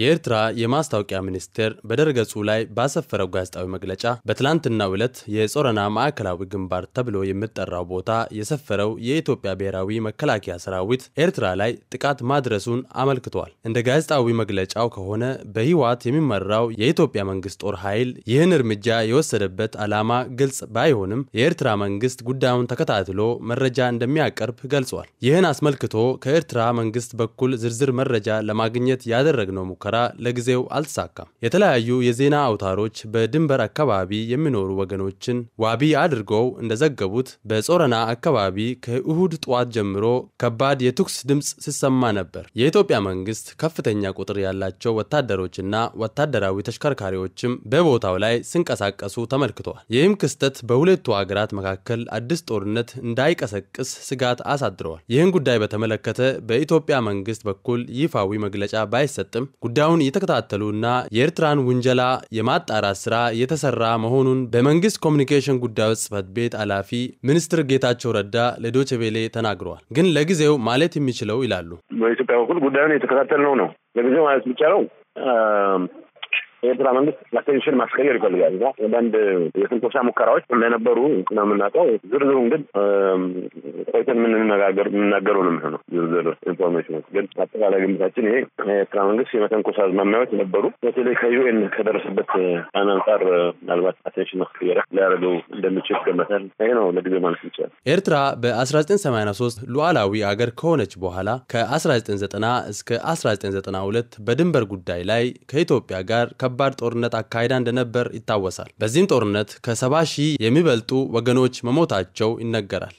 የኤርትራ የማስታወቂያ ሚኒስቴር በደረገጹ ላይ ባሰፈረው ጋዜጣዊ መግለጫ በትላንትናው ዕለት የጾረና ማዕከላዊ ግንባር ተብሎ የሚጠራው ቦታ የሰፈረው የኢትዮጵያ ብሔራዊ መከላከያ ሰራዊት ኤርትራ ላይ ጥቃት ማድረሱን አመልክቷል። እንደ ጋዜጣዊ መግለጫው ከሆነ በህወሓት የሚመራው የኢትዮጵያ መንግስት ጦር ኃይል ይህን እርምጃ የወሰደበት ዓላማ ግልጽ ባይሆንም የኤርትራ መንግስት ጉዳዩን ተከታትሎ መረጃ እንደሚያቀርብ ገልጿል። ይህን አስመልክቶ ከኤርትራ መንግስት በኩል ዝርዝር መረጃ ለማግኘት ያደረግነው ሙከራ ሙከራ ለጊዜው አልተሳካም። የተለያዩ የዜና አውታሮች በድንበር አካባቢ የሚኖሩ ወገኖችን ዋቢ አድርገው እንደዘገቡት በጾረና አካባቢ ከእሁድ ጠዋት ጀምሮ ከባድ የትኩስ ድምፅ ሲሰማ ነበር። የኢትዮጵያ መንግስት ከፍተኛ ቁጥር ያላቸው ወታደሮችና ወታደራዊ ተሽከርካሪዎችም በቦታው ላይ ሲንቀሳቀሱ ተመልክተዋል። ይህም ክስተት በሁለቱ ሀገራት መካከል አዲስ ጦርነት እንዳይቀሰቅስ ስጋት አሳድረዋል። ይህን ጉዳይ በተመለከተ በኢትዮጵያ መንግስት በኩል ይፋዊ መግለጫ ባይሰጥም ጉዳዩን እየተከታተሉና የኤርትራን ውንጀላ የማጣራት ስራ እየተሰራ መሆኑን በመንግስት ኮሚኒኬሽን ጉዳዮች ጽህፈት ቤት ኃላፊ ሚኒስትር ጌታቸው ረዳ ለዶችቬሌ ተናግረዋል። ግን ለጊዜው ማለት የሚችለው ይላሉ በኢትዮጵያ በኩል ጉዳዩን ነው ነው። ለጊዜው ማለት የሚቻለው የኤርትራ መንግስት ለቴንሽን ማስቀየር ይፈልጋል እና አንዳንድ የትንኮሳ ሙከራዎች እንደነበሩ ነው የምናውቀው። ዝርዝሩን ግን ቆይተን የምንነጋገር የምናገረው ነው የሚሆነው። ዝርዝር ኢንፎርሜሽን ግን አጠቃላይ ግምታችን ይሄ የኤርትራ መንግስት የመተንኮሳ አዝማሚያዎች ነበሩ። በተለይ ከዩኤን ከደረሰበት ጫና አንጻር ምናልባት አቴንሽን ማስቀየር ሊያደርገው እንደሚችል ገመታል። ይሄ ነው ለጊዜ ማለት ይቻላል። ኤርትራ በ1983 ሉዓላዊ አገር ከሆነች በኋላ ከ1990 እስከ 1992 በድንበር ጉዳይ ላይ ከኢትዮጵያ ጋር ከባድ ጦርነት አካሂዳ እንደነበር ይታወሳል። በዚህም ጦርነት ከሰባ ሺህ የሚበልጡ ወገኖች መሞታቸው ይነገራል።